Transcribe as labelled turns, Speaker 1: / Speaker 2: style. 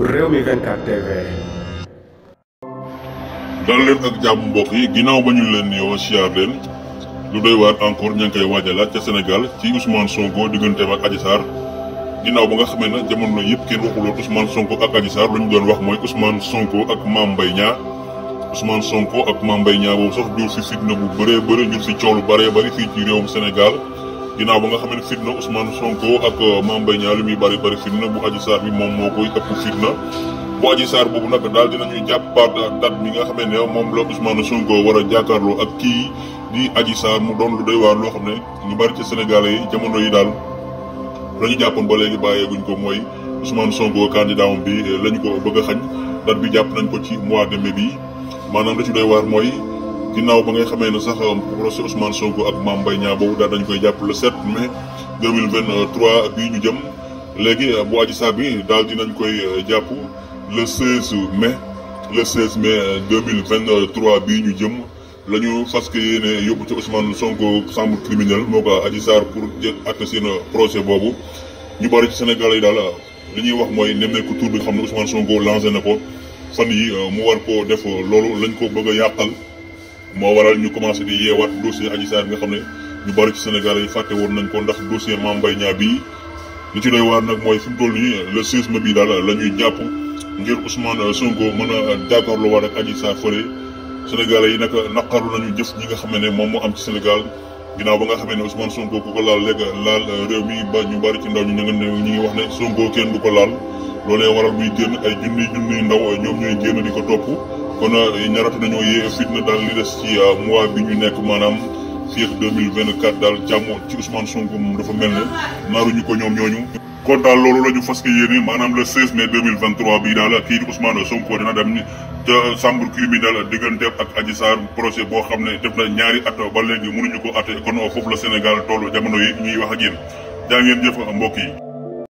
Speaker 1: Rewmi 24 TV. dal leen ak jàmm mbokk yi ginnaaw ba ñu leen nuyoo siyaar leen lu doy waar encore ña ngi koy waajalaat ca Sénégal ci Ousmane Sonko digganteem ak Adji Sarr ginnaaw ba nga xamee ne jamono yëpp kenn waxuloon Ousmane Sonko ak Adji Sarr lu ñu doon wax mooy Ousmane Sonko ak Mame Mbaye Niang Ousmane Sonko ak Mame Mbaye Niang boobu sax jur si fitna bu bëree bëri jur si coow lu bëree bëri fii ci réewum Sénégal. ginnaaw ba nga xam ne fitna Ousmane Sonko ak euh, Mame Mbaye Niang lu muy bari bari fitna bu Adji Sarr bi moom moo koy ëpp fitna bu Adji Sarr boobu nag daal jàpp jàppaat date bi nga xamee ne moom la Ousmane Sonko war a jàkkaarloo ak kii di Adji Sarr mu doon lu doy waar loo xam ne ñu bari ci Sénégalais yi jamono yi daal la ñu jàppoon ba léegi bàyyeeguñ ko mooy Ousmane Sonko candidat am bi euh, la ko bëgg a xañ date bi jàpp nañ ko ci mois de mai bi maanaam la ci doy wa mooy. ginnaaw ba ngay xamee ne sax um, procès Ousmane Sonko ak Mame Mbaye Niang boobu daal dañ koy jàpp le 7 mai 2023 bii ñu jëm léegi uh, bu Adji Sarr bi daal dinañ koy uh, jàpp le 16 mai le 16 mai 2023 uh, bii ñu jëm la ñu fas yéene yóbbu ci Ousmane Sonko sam criminelle moo ko Adji Sarr pour jël àtte seen procès boobu ñu bari ci Sénégal yi daal li ñuy wax mooy nemmeeku tur bi nga xam ne Ousmane Sonko lancé na ko fan yi mu war koo def loolu lañ ko bëgg a yàqal. moo waral ñu commencé di yeewaat dossier Adji Sarr bi nga xam ne ñu bari ci Sénégal yi fàtte woon nañ ko ndax dossier Mame Mbaye Niang bii li ci doy waar nag mooy fi mu toll nii bi daal la ñuy jàpp ngir Ousmane Sonko mën a d'accord lu war ak Adji Sarr fële Sénégalais yi nag naqaru nañu jëf ñi nga xam ne moom moo am ci Sénégal ginnaaw ba nga xamee ne Ousmane Sonko ku ko laal léegi laal réew mi ba ñu bari ci ndaw ñu ngi wax ne Sonko kenn du ko laal loolee waral muy génn ay junni junni ndaw ñoom ko topp kon ñaratu nañoo yee fitna daal li des ci euh, mois bi ñu nekk maanaam fii ak 2024 daal jàmm ci Ousmane Sonko moom dafa mel ne maaruñu ko ñoom ñooñu. kon daal loolu la ñu fas yéene maanaam le 16 mai 2023 bii daal kii di Ousmane Sonko dem ca chambre criminelle diggante ak boo xam ne def ñaari at ba léegi mënuñu ko atte kon foofu la Sénégal toll jamono yi ñuy wax ak yéen jaa ngeen jëf mbokk yi.